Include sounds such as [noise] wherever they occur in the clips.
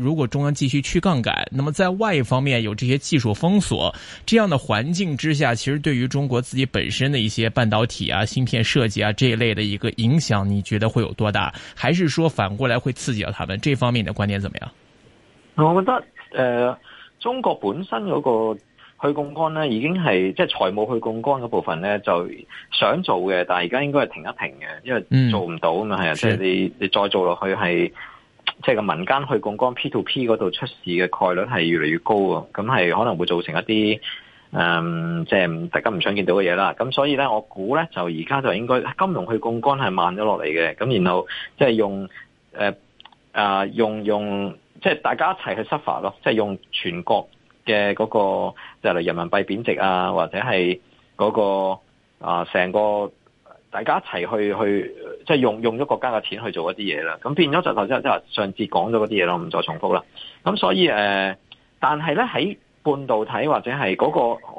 如果中央繼續去槓桿，那麼在外方面有這些技術封鎖，這樣的環境之下，其實對於中國自己本身的一些半導體啊、芯片設計啊這一類的一個影響，你覺得會有多大？還是說反過來會刺激到他們？這方面你的觀點怎麼樣？我覺得，呃，中國本身嗰個去槓桿呢，已經係即係財務去槓桿嗰部分呢，就想做嘅，但係而家應該係停一停嘅，因為做唔到嘛，係、嗯、啊，即係你你再做落去係。即係個民間去槓桿 P2P 度出事嘅概率係越嚟越高啊！咁係可能會造成一啲誒，即係大家唔想見到嘅嘢啦。咁所以咧，我估咧就而家就應該金融去槓桿係慢咗落嚟嘅。咁然後即係用誒誒、呃呃、用用即係、就是、大家一齊去 suffer 咯，即係用全國嘅、嗰個就嚟、是、人民幣貶值啊，或者係嗰個啊成個。呃整個大家一齊去去，即係用用咗國家嘅錢去做一啲嘢啦。咁變咗就頭先即係上次講咗嗰啲嘢咯，唔再重複啦。咁所以誒、呃，但係咧喺半導體或者係嗰、那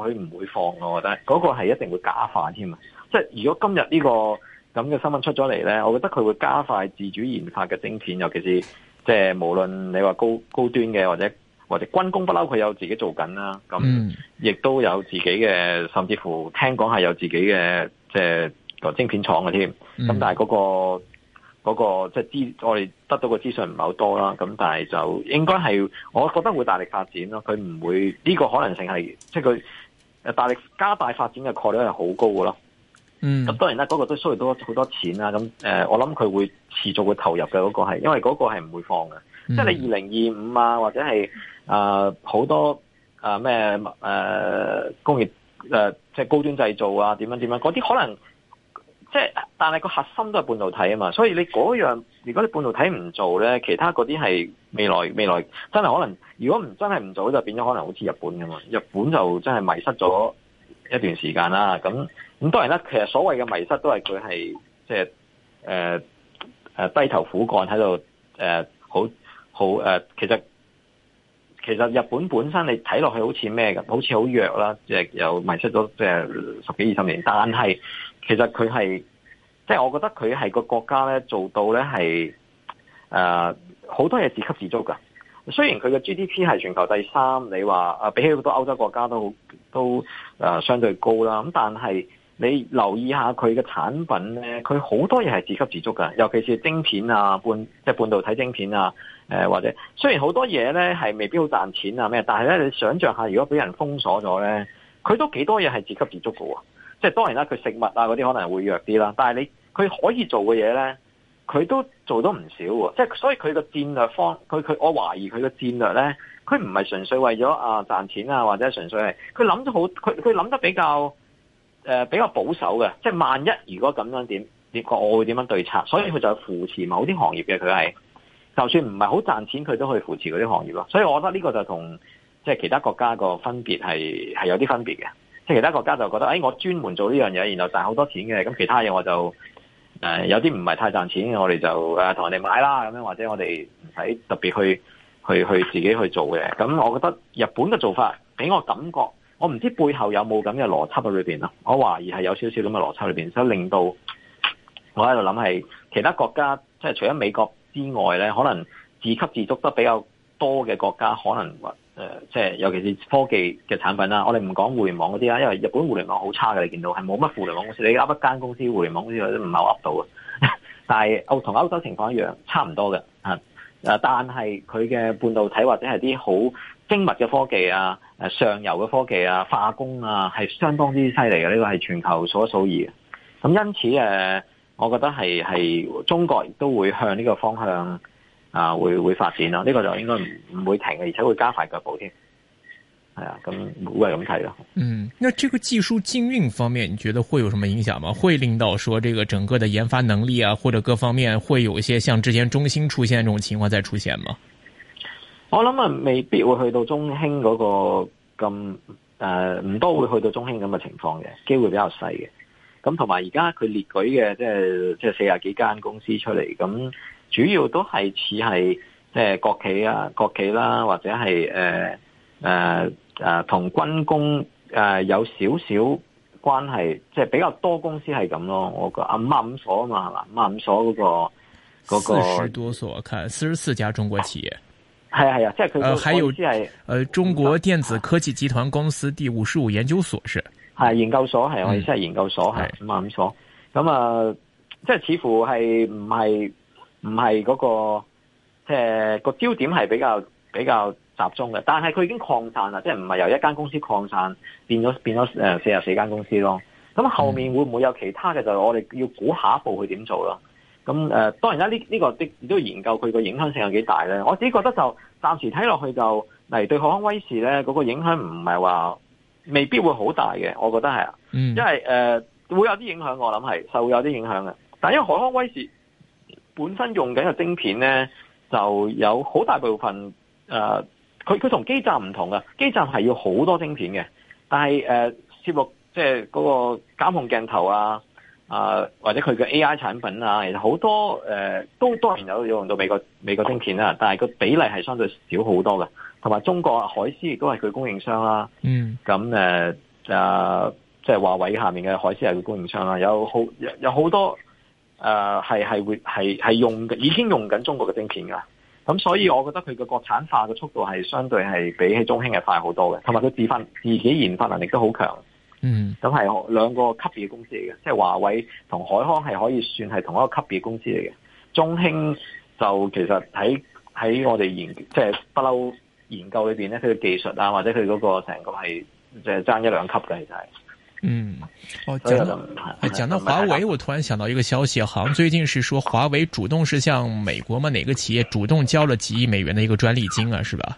個佢唔會放，我覺得嗰個係一定會加快添啊！即係如果今日呢、呢個咁嘅新聞出咗嚟咧，我覺得佢會加快自主研發嘅晶片，尤其是即係無論你話高高端嘅或者或者軍工不嬲，佢有自己做緊啦。咁亦都有自己嘅，甚至乎聽講係有自己嘅即、就是台晶片廠嘅添，咁但係、那、嗰個嗰、嗯那個即係、那個就是、資，我哋得到嘅資訊唔係好多啦。咁但係就應該係，我覺得會大力發展咯。佢唔會呢、這個可能性係，即係佢大力加大發展嘅概率係好高嘅咯。嗯。咁當然啦，嗰、那個都需要多好多錢啦。咁、那、誒、個，我諗佢會持續會投入嘅嗰、那個係，因為嗰個係唔會放嘅。即、嗯、係、就是、你二零二五啊，或者係啊好多啊咩、呃呃、工業誒即係高端製造啊點樣點樣嗰啲可能。即係，但係個核心都係半導體啊嘛，所以你嗰樣，如果你半導體唔做咧，其他嗰啲係未來未來真係可能，如果唔真係唔做，就變咗可能好似日本咁嘛。日本就真係迷失咗一段時間啦。咁咁當然啦，其實所謂嘅迷失都係佢係即係誒誒低頭苦幹喺度誒，好好誒，其實其實日本本身你睇落去好似咩噶，好似好弱啦，即係又迷失咗即係十幾二十年，但係。其實佢係，即係我覺得佢係個國家咧做到咧係，誒好多嘢自給自足噶。雖然佢嘅 GDP 係全球第三，你話誒比起好多歐洲國家都好都誒相對高啦。咁但係你留意下佢嘅產品咧，佢好多嘢係自給自足噶。尤其是晶片啊，半即係半導體晶片啊，誒或者雖然好多嘢咧係未必好賺錢啊咩，但係咧你想像下，如果俾人封鎖咗咧，佢都幾多嘢係自給自足噶喎。即係當然啦，佢食物啊嗰啲可能會弱啲啦。但係你佢可以做嘅嘢咧，佢都做到唔少喎。即係所以佢嘅戰略方，佢佢我懷疑佢嘅戰略咧，佢唔係純粹為咗啊賺錢啊，或者純粹係佢諗得好，佢佢諗得比較誒、呃、比較保守嘅。即係萬一如果咁樣點，我會點樣對策？所以佢就扶持某啲行業嘅，佢係就算唔係好賺錢，佢都去扶持嗰啲行業咯。所以我覺得呢個就同即係其他國家個分別係係有啲分別嘅。即係其他國家就覺得，誒、哎，我專門做呢樣嘢，然後賺好多錢嘅，咁其他嘢我就誒、呃、有啲唔係太賺錢嘅，我哋就誒同、呃、人哋買啦，咁樣或者我哋唔使特別去去去自己去做嘅。咁我覺得日本嘅做法俾我感覺，我唔知背後有冇咁嘅邏輯喺裏邊啦。我懷疑係有少少咁嘅邏輯裏邊，所以令到我喺度諗係其他國家，即係除咗美國之外咧，可能自給自足得比較多嘅國家可能。誒，即係尤其是科技嘅產品啦，我哋唔講互聯網嗰啲啦，因為日本互聯網好差嘅，你見到係冇乜互聯網公司，你噏一間公司互聯網公司都唔係噏到啊。但係歐同歐洲情況一樣，差唔多嘅啊，誒，但係佢嘅半導體或者係啲好精密嘅科技啊，誒上游嘅科技啊，化工啊，係相當之犀利嘅，呢個係全球數一數二嘅。咁因此誒，我覺得係係中國亦都會向呢個方向。啊，會會發展咯，呢、這個就應該唔唔會停嘅，而且會加快腳步添。係啊，咁會係咁睇咯。嗯，那這個技術禁運方面，你覺得會有什麼影響嗎？會令到說，這個整個的研發能力啊，或者各方面會有一些，像之前中興出現這種情況再出現嗎？我諗啊，未必會去到中興嗰、那個咁誒，唔、嗯、多、呃、會去到中興咁嘅情況嘅，機會比較細嘅。咁同埋而家佢列舉嘅，即係即係四十幾間公司出嚟咁。嗯主要都係似係即係國企啊，國企啦、啊，或者係誒誒誒同軍工誒有少少關係，即係比較多公司係咁咯。我個啊媽五所啊嘛，係嘛五所嗰個嗰個。四十多所，我看四十四家中國企業。係啊係啊，啊，即係佢。誒，還有即係誒，中國電子科技集團公司第五十五研究所是係、啊啊、研究所，係、啊嗯、我意思係研究所係、啊、五所。咁、嗯、啊，即係似乎係唔係。不是唔係嗰個，即係個焦點係比較比較集中嘅，但係佢已經擴散啦，即係唔係由一間公司擴散變咗變咗誒四十四間公司咯。咁後面會唔會有其他嘅？就是、我哋要估下一步佢點做咯。咁、嗯、誒、呃，當然啦，呢、這、呢個的亦都要研究佢個影響性有幾大咧。我自己覺得就暫時睇落去就嚟對海康威視咧嗰、那個影響唔係話未必會好大嘅，我覺得係。嗯。因為、呃、會有啲影響，我諗係係會有啲影響嘅。但係因為海康威視。本身用緊嘅晶片咧，就有好大部分誒，佢、呃、佢同基站唔同嘅，基站係要好多晶片嘅，但係誒攝錄即係嗰個監控鏡頭啊，啊、呃、或者佢嘅 AI 產品啊，其實好多誒、呃、都當然有用到美國美國晶片啦，但係個比例係相對少好多嘅，同埋中國、啊、海思亦都係佢供應商啦、啊，嗯，咁誒、呃、即係華為下面嘅海思係佢供應商啦、啊，有好有有好多。誒、uh，係係會係係用嘅，已經用緊中國嘅晶片噶，咁所以我覺得佢嘅國產化嘅速度係相對係比起中興係快好多嘅，同埋佢自發自己研發能力都好強，嗯，咁係兩個級別公司嚟嘅，即係華為同海康係可以算係同一個級別公司嚟嘅，中興就其實喺喺我哋研即係不嬲研究裏邊咧，佢嘅技術啊或者佢嗰個成個係就係爭一兩級嘅其實係。嗯，哦，講到，講到華為，我突然想到一個消息，好像最近是說華為主動是向美國嘛，哪個企業主動交了幾億美元的一個專利金啊，是吧？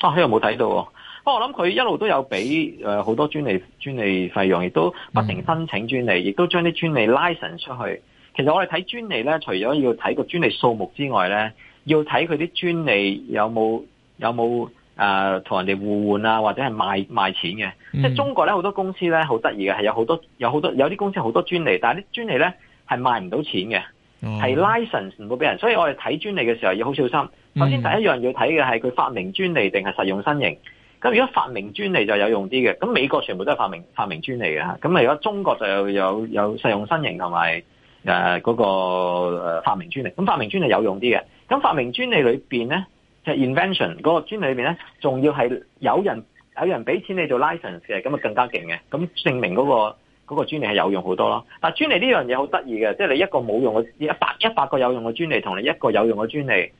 啊，呢個冇睇到，不過我諗佢一路都有俾誒好多專利專利費用，亦都不停申請專利，亦、嗯、都將啲專利 license 出去。其實我哋睇專利咧，除咗要睇個專利數目之外咧，要睇佢啲專利有冇有冇。有啊、呃，同人哋互換啊，或者係賣賣錢嘅，即係中國咧，好多公司咧好得意嘅，係有好多有好多有啲公司好多專利，但係啲專利咧係賣唔到錢嘅，係、哦、license 唔會俾人。所以我哋睇專利嘅時候要好小心。首先第一樣要睇嘅係佢發明專利定係實用新型。咁如果發明專利就有用啲嘅，咁美國全部都係發明發明專利嘅嚇。咁如果中國就有有有實用新型同埋誒嗰個誒發明專利。咁發明專利有用啲嘅。咁發明專利裏邊咧？invention 嗰個專利裏面咧，仲要係有人有人俾錢你做 license 嘅，咁啊更加勁嘅。咁證明嗰、嗰個嗰、嗰個專利係有用好多咯。但專利呢樣嘢好得意嘅，即係你一個冇用嘅一百一百個有用嘅專利，同你一個有用嘅專利，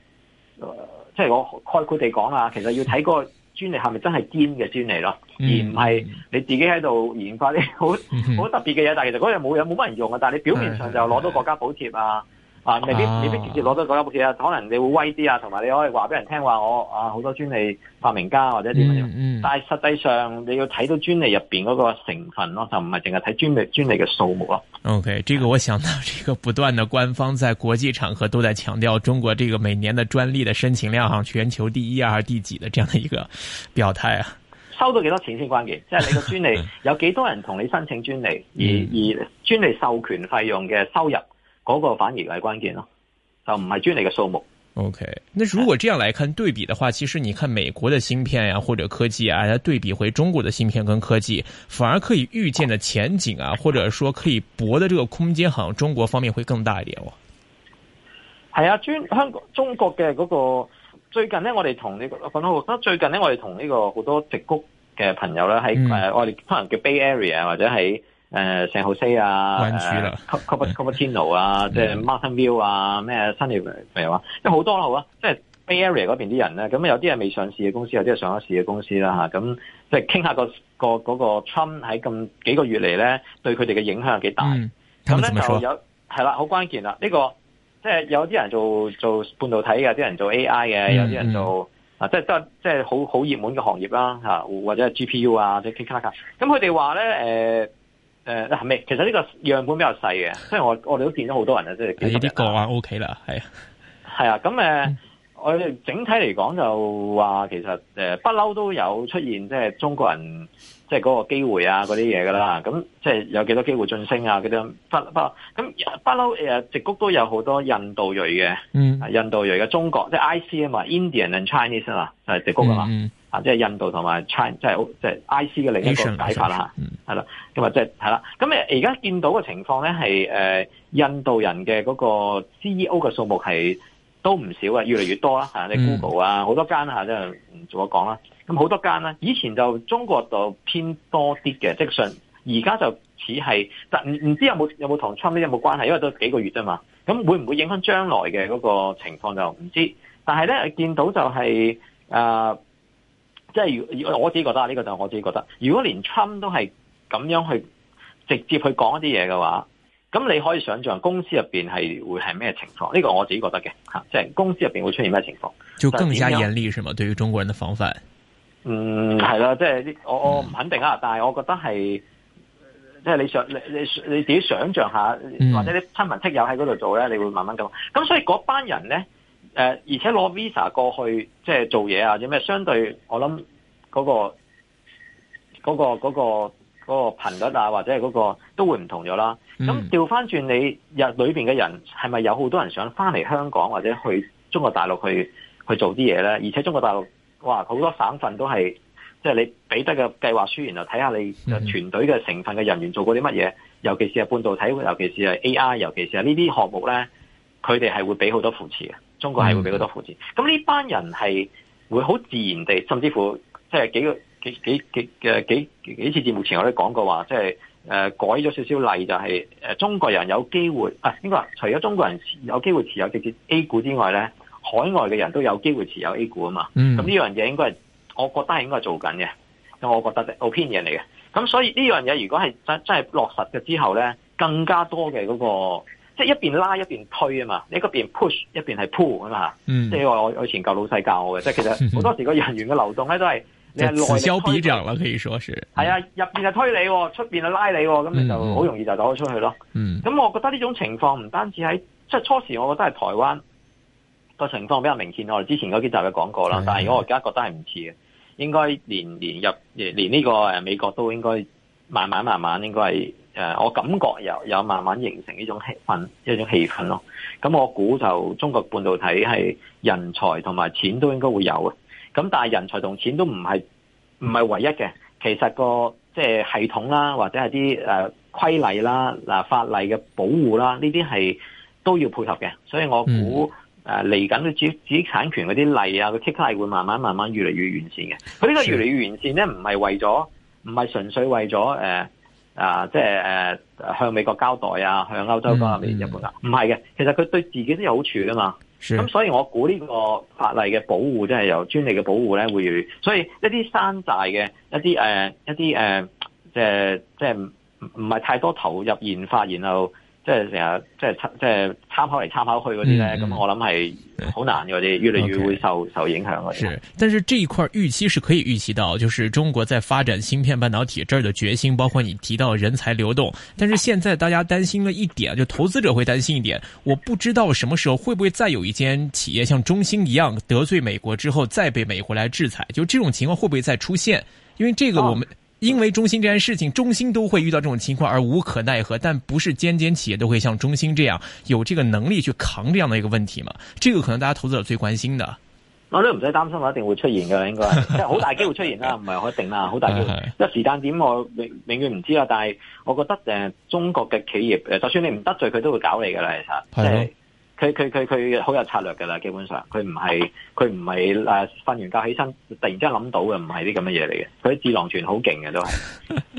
呃、即係我概括地講啊，其實要睇嗰個專利係咪真係堅嘅專利咯，嗯、而唔係你自己喺度研發啲好好特別嘅嘢、嗯。但其實嗰樣冇有冇乜人用啊。但你表面上就攞到國家補貼啊。嗯嗯嗯啊。啊，未必未必直接攞到一筆錢啊，可能你會威啲啊，同埋你可以話俾人聽話我啊，好多專利發明家或者點樣，嗯、但係實際上你要睇到專利入邊嗰個成分咯，就唔係淨係睇專利專利嘅數目咯。O、okay, K，這個我想到一、這個不斷的官方在國際場合都在強調中國這個每年的專利的申請量，全球第一啊，第幾的這樣的一個表態啊。收到幾多錢先關鍵， [laughs] 即係你個專利有幾多人同你申請專利，而而專利授權費用嘅收入。嗰、那個反而係關鍵咯，就唔係專利嘅數目。O、okay, K，那如果這樣來看對比嘅話，其實你看美國嘅芯片啊或者科技啊，對比回中國嘅芯片跟科技，反而可以預見嘅前景啊，或者說可以搏的這個空間，好像中國方面會更大一點哦。係啊，專香港中國嘅嗰、那個最近呢，我哋同呢個，我講到，最近呢、這個，最近我哋同呢個好多直谷嘅朋友咧喺誒，我、嗯、哋可能叫 Bay Area 或者喺。誒、呃，成好 C 啊，cappuccino 啊，啊，、嗯、啊，啊，即係 Martin View 啊，咩啊，三條咩話，即係好多啦，好啊，即係 Bay Area 嗰邊啲人咧，咁有啲係未上市嘅公司，有啲係上咗市嘅公司啦、啊、嚇，咁、啊啊、即係傾下、那個個嗰、那個 Trump 喺咁幾個月嚟咧，對佢哋嘅影響係幾大。咁、嗯、咧就有係啦，好、啊、關鍵啦，呢、這個即係有啲人做做半導體嘅，啲人做 AI 嘅、嗯嗯，有啲人做啊，即係即係即係好好熱門嘅行業啦嚇、啊，或者係 GPU 啊，即係 K 卡卡，咁佢哋話咧誒。誒，嗱，係其實呢個樣本比較細嘅，即係我我哋都見咗好多人，人啊！即係有啲過啊 OK 啦，係啊，係、呃、啊。咁、嗯、誒，我哋整體嚟講就話其實誒不嬲都有出現，即係中國人即係嗰個機會啊嗰啲嘢噶啦。咁即係有幾多少機會晉升啊啲？不不咁不嬲誒，直谷都有好多印度裔嘅，嗯、啊，印度裔嘅中國即係 IC 啊嘛，Indian and Chinese 啊，嘛，就係、是、直谷噶嘛。嗯啊，即係印度同埋 China，即係即係 IC 嘅另一個解法啦嚇，係啦，咁啊即係係啦，咁誒而家見到嘅情況咧係誒印度人嘅嗰個 CEO 嘅數目係都唔少的越來越多啊，越嚟越多啦嚇，你 Google 啊好、嗯、多間嚇，即係唔做我講啦，咁好多間啦，以前就中國就偏多啲嘅，即係上而家就似、是、係，但唔唔知有冇有冇同 Trump 有冇關係，因為都幾個月啫嘛，咁會唔會影響將來嘅嗰個情況就唔知，但係咧見到就係、是、啊～、呃即係如我自己覺得呢個就我自己覺得，如果連 Trump 都係咁樣去直接去講一啲嘢嘅話，咁你可以想象公司入邊係會係咩情況？呢個我自己覺得嘅吓，即係公司入邊會出現咩情況？就更加嚴厲，是嗎？對於中國人的防範？嗯，係啦，即係我我唔肯定啊，但係我覺得係，即係你想你你你自己想象下，或者啲親民戚友喺嗰度做咧，你會慢慢咁。咁所以嗰班人咧。誒，而且攞 Visa 過去即係做嘢啊，有咩相對我諗嗰個嗰個嗰個嗰個頻率啊，或者係嗰個都會唔同咗啦。咁調翻轉，你入裏邊嘅人係咪有好多人想翻嚟香港或者去中國大陸去去做啲嘢咧？而且中國大陸哇，好多省份都係即係你俾得嘅計劃書，然後睇下你團隊嘅成分嘅人員做過啲乜嘢，mm -hmm. 尤其是係半導體，尤其是係 AI，尤其是係呢啲項目咧，佢哋係會俾好多扶持嘅。中國係會俾好多扶持，咁、嗯、呢班人係會好自然地，甚至乎即係幾個幾幾幾嘅幾，幾次，節目前我都講過話，即係誒改咗少少例，就係、是呃就是呃、中國人有機會啊應該話，除咗中國人有機會持有直接 A 股之外咧，海外嘅人都有機會持有 A 股啊嘛。咁呢樣嘢應該係，我覺得係應該做緊嘅，咁我覺得咧，我 opinion 嚟嘅。咁所以呢樣嘢如果係真真係落實咗之後咧，更加多嘅嗰、那個。即係一邊拉一邊推啊嘛，你一邊 push 一邊係 pull 咁啊、嗯、即係我我以前舊老細教我嘅， [laughs] 即係其實好多時個人員嘅流動咧都係你係此消彼長啦，可以說是係、嗯、啊，入邊係推你、哦，出邊係拉你、哦，咁、嗯、你就好容易就走咗出去咯。咁、嗯嗯、我覺得呢種情況唔單止喺即係初時，我覺得係台灣個情況比較明顯，我哋之前嗰幾集有講過啦。但係我而家覺得係唔似嘅，應該連連入連呢個誒美國都應該慢慢慢慢應該係。誒，我感覺有有慢慢形成呢種氣氛，一種氣氛咯。咁我估就中國半導體係人才同埋錢都應該會有嘅。咁但係人才同錢都唔係唔係唯一嘅。其實、個即係系統啦，或者係啲誒規例啦、嗱法例嘅保護啦，呢啲係都要配合嘅。所以我估誒嚟緊嘅主知識產權嗰啲例啊，個 case 會慢慢慢慢越嚟越完善嘅。佢呢個越嚟越完善咧，唔係為咗，唔係純粹為咗誒。呃啊，即係誒、呃、向美國交代啊，向歐洲交代、嗯，日本啊，唔係嘅，其實佢對自己都有好處㗎嘛。咁所以我估呢個法例嘅保護，即係由專利嘅保護咧，會如如所以一啲山寨嘅一啲誒、呃、一啲誒、呃，即係即係唔唔係太多投入研發，然後。即係成日，即係即係差跑嚟差跑去嗰啲呢。咁，嗯、我諗係好難嘅，啲，嗯、越嚟越會受，嗯，受影響嘅。是。但是這一塊預期是可以預期到，就是中國在發展芯片、半導體這兒的決心，包括你提到人才流動。但是現在大家擔心了一點，就投資者會擔心一點，我不知道什麼時候會不會再有一間企業像中興一樣得罪美國之後，再被美國來制裁。就這種情況會不會再出現？因為這個我們。哦因為中興這件事情，中興都會遇到這種情況而無可奈何，但不是間間企業都會像中興這樣有這個能力去扛這樣的一個問題嘛？這個可能大家投資者最關心的。我都唔使擔心，我一定會出現噶，應該即係好大機會出現啦，唔係我一定啦，好大機會。一 [laughs] 時間點我永永遠唔知啊，但係我覺得誒、呃，中國嘅企業誒，就、呃、算你唔得罪佢，都會搞你噶啦，其 [laughs] 實、呃。係。佢佢佢佢好有策略噶啦，基本上佢唔係佢唔係誒瞓完覺起身突然之間諗到嘅，唔係啲咁嘅嘢嚟嘅。佢啲智囊團好勁嘅都係，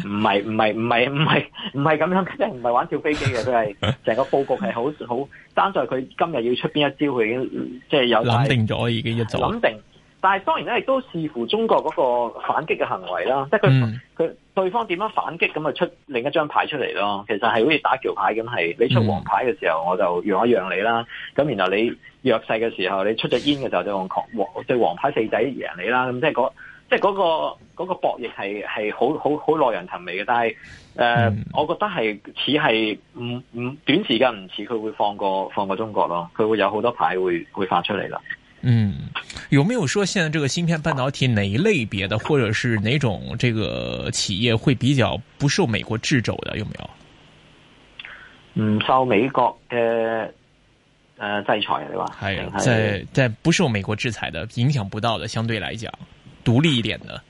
唔係唔係唔係唔係唔係咁樣，即係唔係玩跳飛機嘅，佢係成個佈局係好好，爭在佢今日要出邊一招，佢已經即係有諗定咗已經要做。但係當然咧，都視乎中國嗰個反擊嘅行為啦，即係佢佢對方點樣反擊，咁啊出另一張牌出嚟咯。其實係好似打橋牌咁，係你出王牌嘅時候，我就讓一讓你啦。咁、嗯、然後你弱勢嘅時候，你出咗煙嘅時候，就用狂對王牌四仔贏你啦。咁即係嗰即係個、嗰個嗰個博弈係係好好好耐人尋味嘅。但係誒、呃嗯，我覺得係似係唔唔短時間唔似佢會放過放過中國咯。佢會有好多牌會會發出嚟啦。嗯，有沒有說現在這個芯片半導體哪一類別的，或者是哪種這個企業會比較不受美國掣肘的？有沒有？唔受美國的誒、呃、制裁啊？你話係係係，在在不受美國制裁的，影響不到的，相對來講獨立一點的，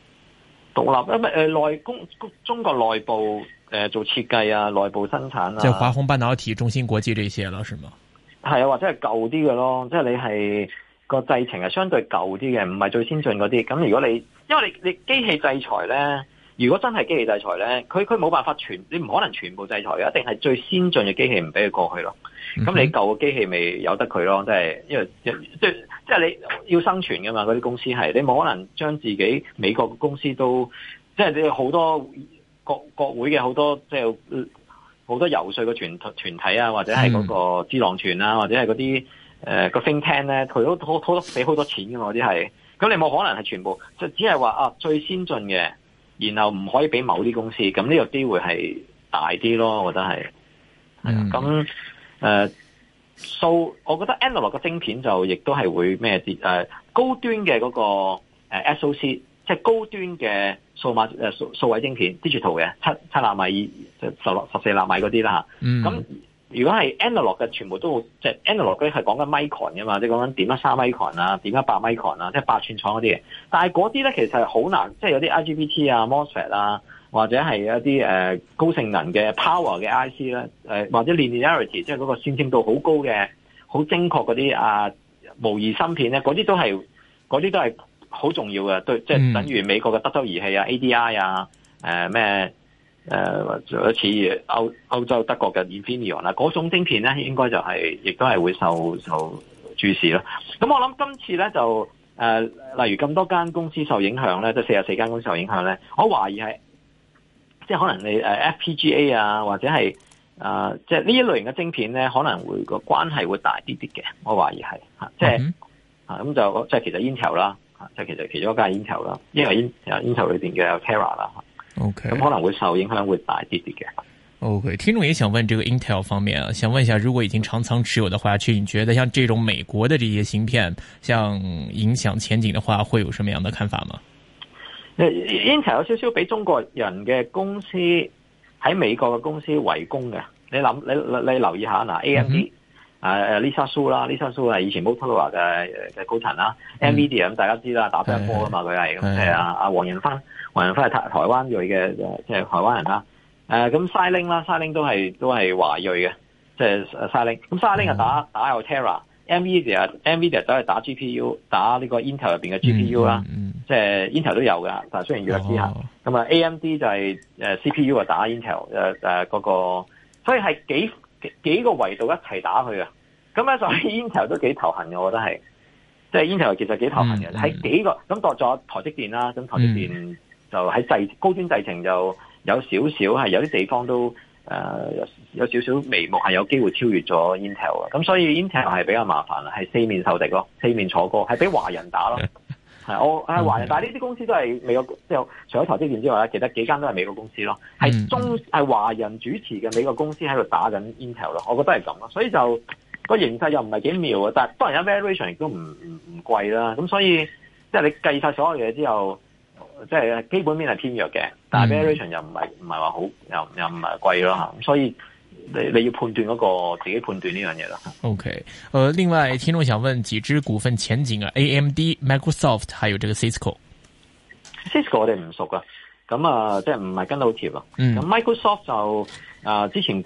獨立因為誒內公中國內部誒、呃、做設計啊，內部生產啊，即係華虹半導體、中芯國際這些啦，是嗎？係啊，或者係舊啲嘅咯，即係你係。個製程係相對舊啲嘅，唔係最先進嗰啲。咁如果你因為你你機器制裁咧，如果真係機器制裁咧，佢佢冇辦法全，你唔可能全部制裁嘅，一定係最先進嘅機器唔俾佢過去咯。咁你舊嘅機器咪由得佢咯，即係因為即即即係你要生存噶嘛，嗰啲公司係你冇可能將自己美國嘅公司都即係你好多國國會嘅好多即係好多遊説嘅團團體啊，或者係嗰個智囊團啊，或者係嗰啲。誒個 n k 咧，佢都好多俾好多錢㗎嘛，啲係，咁你冇可能係全部，就只係話啊最先進嘅，然後唔可以俾某啲公司，咁呢個機會係大啲咯，我覺得係。係、嗯、啊，咁誒，數、呃 so, 我覺得 analog 個晶片就亦都係會咩、啊？高端嘅嗰個 SOC，即係高端嘅數碼數,數位晶片 digital 嘅七七納米，十六十四納米嗰啲啦如果係 analog 嘅，全部都即係 analogue 都係講緊 micron 嘅嘛，即係講緊點一三 micron 啊，點一八 micron 啊，即係八寸廠嗰啲嘢。但係嗰啲咧其實好難，即係有啲 IGBT 啊、MOSFET 啊，或者係一啲、呃、高性能嘅 power 嘅 IC 咧、呃，或者 linearity，即係嗰個線性度好高嘅、好精確嗰啲啊模擬芯片咧，嗰啲都係嗰啲都係好重要嘅，對，即係等於美國嘅德州儀器啊、ADI 啊，誒、呃、咩？什麼誒、呃，或者似次歐，歐洲德國嘅 Infineon 啦，嗰種晶片咧，應該就係、是、亦都係會受受注視咯。咁我諗今次咧就誒、呃，例如咁多間公司受影響咧，即係四十四間公司受影響咧，我懷疑係即係可能你誒 FPGA 啊，或者係啊、呃，即係呢一類型嘅晶片咧，可能會個關係會大啲啲嘅。我懷疑係嚇，即係嚇咁就即係其實 Intel 啦，即係其實其中一間係 Intel 啦，因為 Intel 裏邊嘅有 Tera 啦。O K，咁可能會受影響會大啲啲嘅。O、okay. K，聽眾也想問這個 Intel 方面啊，想問一下，如果已經長倉持有的話，去你覺得像這種美國的這些芯片，像影響前景的話，會有什麼樣的看法嗎？誒，Intel 有少少俾中國人嘅公司喺美國嘅公司圍攻嘅。你諗你你,你留意一下嗱，AMD，誒、嗯、誒、uh, Lisa Su 啦，Lisa Su 係以前 Motorola 嘅嘅高層啦 Nvidia 咁大家知啦、嗯，打乒乓波噶嘛佢係咁，係、嗯嗯、啊啊黃仁勳翻嚟台台灣裔嘅即係台灣人啦，誒、啊、咁 Silicon 啦，Silicon 都係都係華裔嘅，即係 Silicon。咁 Silicon 又打打又 Altera，Nvidia Nvidia 都係打 GPU，打呢個 Intel 入邊嘅 GPU 啦、嗯，即、嗯、係、就是、Intel 都有㗎，但係雖然弱啲嚇。咁、哦、啊 AMD 就係誒 CPU 啊打 Intel 誒誒嗰個，所以係幾幾個維度一齊打佢啊。咁咧所以 Intel 都幾頭痕嘅，我覺得係，即、就、係、是、Intel 其實幾頭痕嘅，喺、嗯嗯、幾個咁度咗台積電啦，咁台積電。就喺製高端製程，就有少少係有啲地方都誒、呃、有少少眉目，係有機會超越咗 Intel。咁所以 Intel 係比較麻煩啦，係四面受敵咯，四面楚歌，係俾華人打咯。 [laughs] 係我係華人， [laughs] 但係呢啲公司都係美國之後，除咗台積電之外咧，其他幾間都係美國公司咯。係中係華人主持嘅美國公司喺度打緊 Intel 咯。我覺得係咁咯，所以就個形勢又唔係幾妙啊。但係當然有 valuation，亦都唔唔唔貴啦。咁所以即係你計晒所有嘢之後。即係基本面係偏弱嘅，但係 variation 又唔係唔係話好，又又唔係貴咯吓，咁所以你你要判斷嗰個自己判斷呢樣嘢啦。OK，誒、呃，另外聽眾想問幾支股份前景啊？AMD、Microsoft，還有這個 Cisco。Cisco 我哋唔熟㗎，咁啊、呃，即係唔係跟到貼啊？咁、嗯、Microsoft 就啊、呃，之前。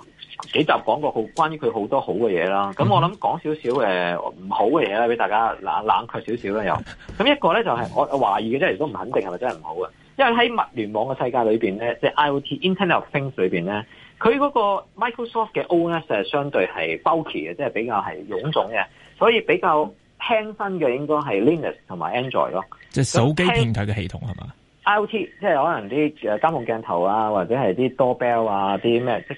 幾集講過好關於佢好多好嘅嘢啦，咁我諗講少少誒唔好嘅嘢啦，俾大家冷冷卻少少啦又。咁一個咧就係我懷疑嘅，即係都唔肯定係咪真係唔好啊？因為喺物聯網嘅世界裏邊咧，即係 I O T Internet of Things 裏邊咧，佢嗰個 Microsoft 嘅 OS 咧，其實相對係 bulky 嘅，即係比較係臃腫嘅，所以比較輕身嘅應該係 Linux 同埋 Android 咯。即係手機平台嘅系統係嘛？I O T 即係可能啲誒監控鏡頭啊，或者係啲 doorbell 啊，啲咩即。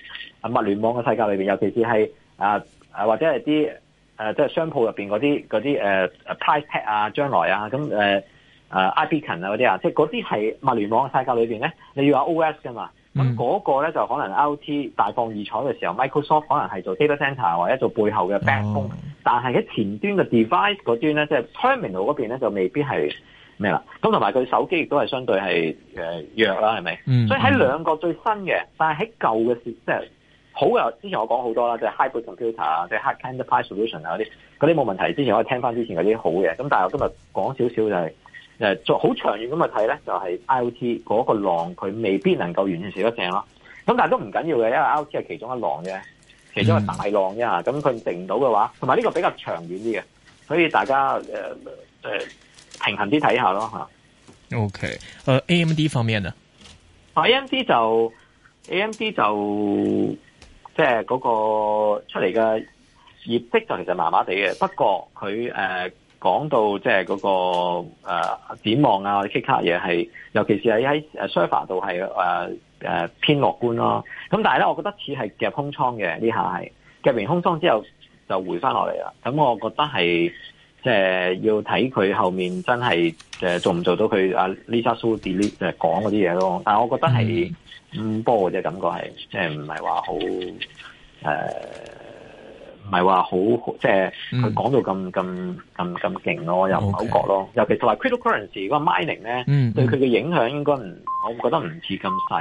物聯網嘅世界裏邊，尤其是係啊啊或者係啲誒即係商鋪入邊嗰啲嗰啲 price tag 啊、將來啊咁誒誒 IBM 啊嗰啲啊，即係嗰啲係物聯網嘅世界裏邊咧，你要有 OS 㗎嘛，咁、嗯、嗰、那個咧就可能 IoT 大放異彩嘅時候，Microsoft 可能係做 data center 或者做背後嘅 backbone、哦、但係喺前端嘅 device 嗰端咧，即、就、係、是、terminal 嗰邊咧就未必係咩啦。咁同埋佢手機亦都係相對係誒、呃、弱啦，係咪、嗯？所以喺兩個最新嘅，但係喺舊嘅事即係。好啊，之前我講好多啦，即係 high end computer、mm. 啊，即係 high end high solution 啊嗰啲，嗰啲冇問題。之前我聽翻之前嗰啲好嘅，咁但係我今日講少少就係誒好長遠咁啊睇咧，就係 IOT 嗰個浪佢未必能夠完全成一正咯。咁但係都唔緊要嘅，因為 IOT 係其中一浪啫，其中一個大浪啫嚇。咁佢定唔到嘅話，同埋呢個比較長遠啲嘅，所以大家誒、呃呃、平衡啲睇下咯嚇。OK，誒、uh, AMD 方面呢？AMD 就、uh, AMD 就。AMD 就即係嗰個出嚟嘅業績就其實麻麻地嘅，不過佢誒講到即係嗰個誒、呃、展望啊，或者 K 卡嘢係，尤其是係喺 server 度係誒誒偏樂觀咯。咁但係咧，我覺得似係夾空倉嘅呢下係夾完空倉之後就回翻落嚟啦。咁我覺得係。即係要睇佢後面真係誒做唔做到佢阿、啊、Lisa Su o 啲誒講嗰啲嘢咯，但係我覺得係唔多嘅，啫、嗯嗯、感覺係即係唔係話好誒唔係話好即係佢講到咁咁咁咁勁咯，又唔好覺咯，okay. 尤其同埋 Crypto Currency 嗰個 Mining 咧、嗯，對佢嘅影響應該唔，我覺得唔似咁細。